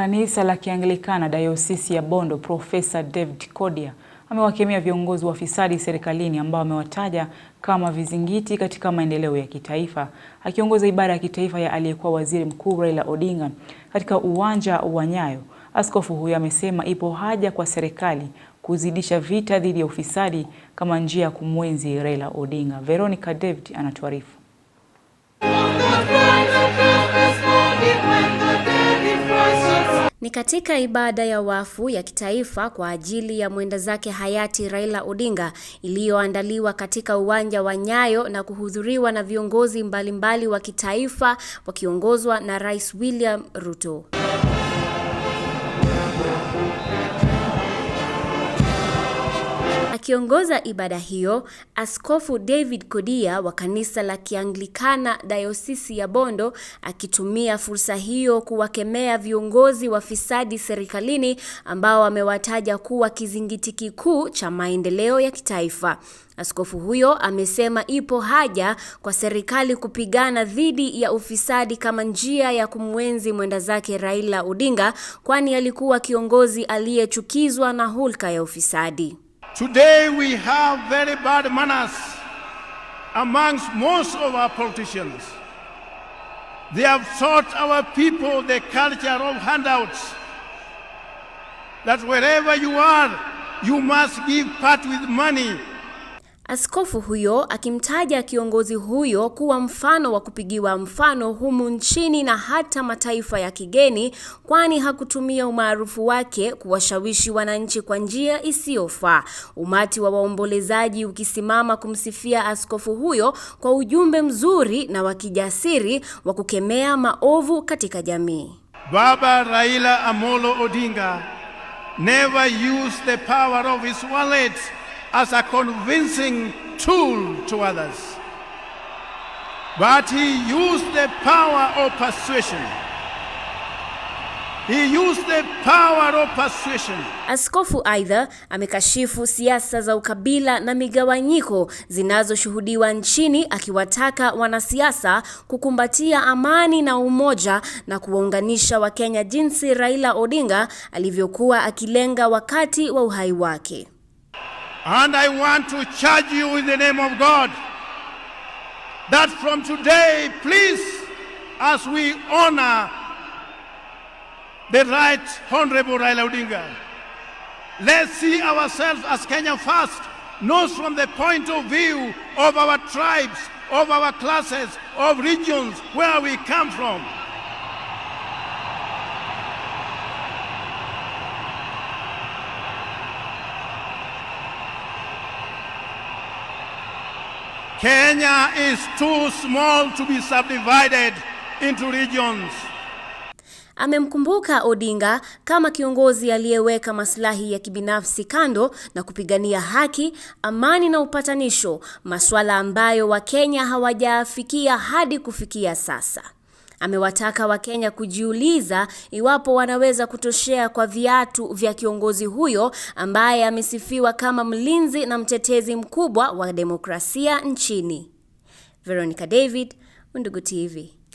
Kanisa la Kianglikana Dayosisi ya Bondo, Profesa David Kodia amewakemea viongozi wafisadi serikalini ambao amewataja kama vizingiti katika maendeleo ya kitaifa. Akiongoza ibada ya kitaifa ya aliyekuwa Waziri Mkuu Raila Odinga katika uwanja wa Nyayo, askofu huyo amesema ipo haja kwa serikali kuzidisha vita dhidi ya ufisadi kama njia ya kumwenzi Raila Odinga. Veronica David anatuarifu. Ni katika ibada ya wafu ya kitaifa kwa ajili ya mwenda zake hayati Raila Odinga iliyoandaliwa katika uwanja wa Nyayo na kuhudhuriwa na viongozi mbalimbali wa kitaifa wakiongozwa na Rais William Ruto. Akiongoza ibada hiyo, Askofu David Kodia wa kanisa la Kianglikana Dayosisi ya Bondo akitumia fursa hiyo kuwakemea viongozi wafisadi serikalini ambao amewataja kuwa kizingiti kikuu cha maendeleo ya kitaifa. Askofu huyo amesema ipo haja kwa serikali kupigana dhidi ya ufisadi kama njia ya kumwenzi mwenda zake Raila Odinga kwani alikuwa kiongozi aliyechukizwa na hulka ya ufisadi. Today we have very bad manners amongst most of our politicians. They have taught our people the culture of handouts. That wherever you are, you must give part with money Askofu huyo akimtaja kiongozi huyo kuwa mfano wa kupigiwa mfano humu nchini na hata mataifa ya kigeni, kwani hakutumia umaarufu wake kuwashawishi wananchi kwa njia isiyofaa. Umati wa waombolezaji ukisimama kumsifia askofu huyo kwa ujumbe mzuri na wa kijasiri wa kukemea maovu katika jamii. Baba Raila Amolo Odinga never used the power of his wallet as a convincing tool to others. But he used the power of persuasion. He used the power of persuasion. Askofu aidha amekashifu siasa za ukabila na migawanyiko zinazoshuhudiwa nchini akiwataka wanasiasa kukumbatia amani na umoja na kuwaunganisha Wakenya jinsi Raila Odinga alivyokuwa akilenga wakati wa uhai wake. And I want to charge you in the name of God that from today, please, as we honor the right honorable Raila Odinga, let's see ourselves as Kenya first, not from the point of view of our tribes, of our classes, of regions, where we come from. Kenya is too small to be subdivided into regions. Amemkumbuka Odinga kama kiongozi aliyeweka maslahi ya kibinafsi kando na kupigania haki, amani na upatanisho, masuala ambayo Wakenya hawajaafikia hadi kufikia sasa. Amewataka Wakenya kujiuliza iwapo wanaweza kutoshea kwa viatu vya kiongozi huyo ambaye amesifiwa kama mlinzi na mtetezi mkubwa wa demokrasia nchini. Veronica David, Undugu TV.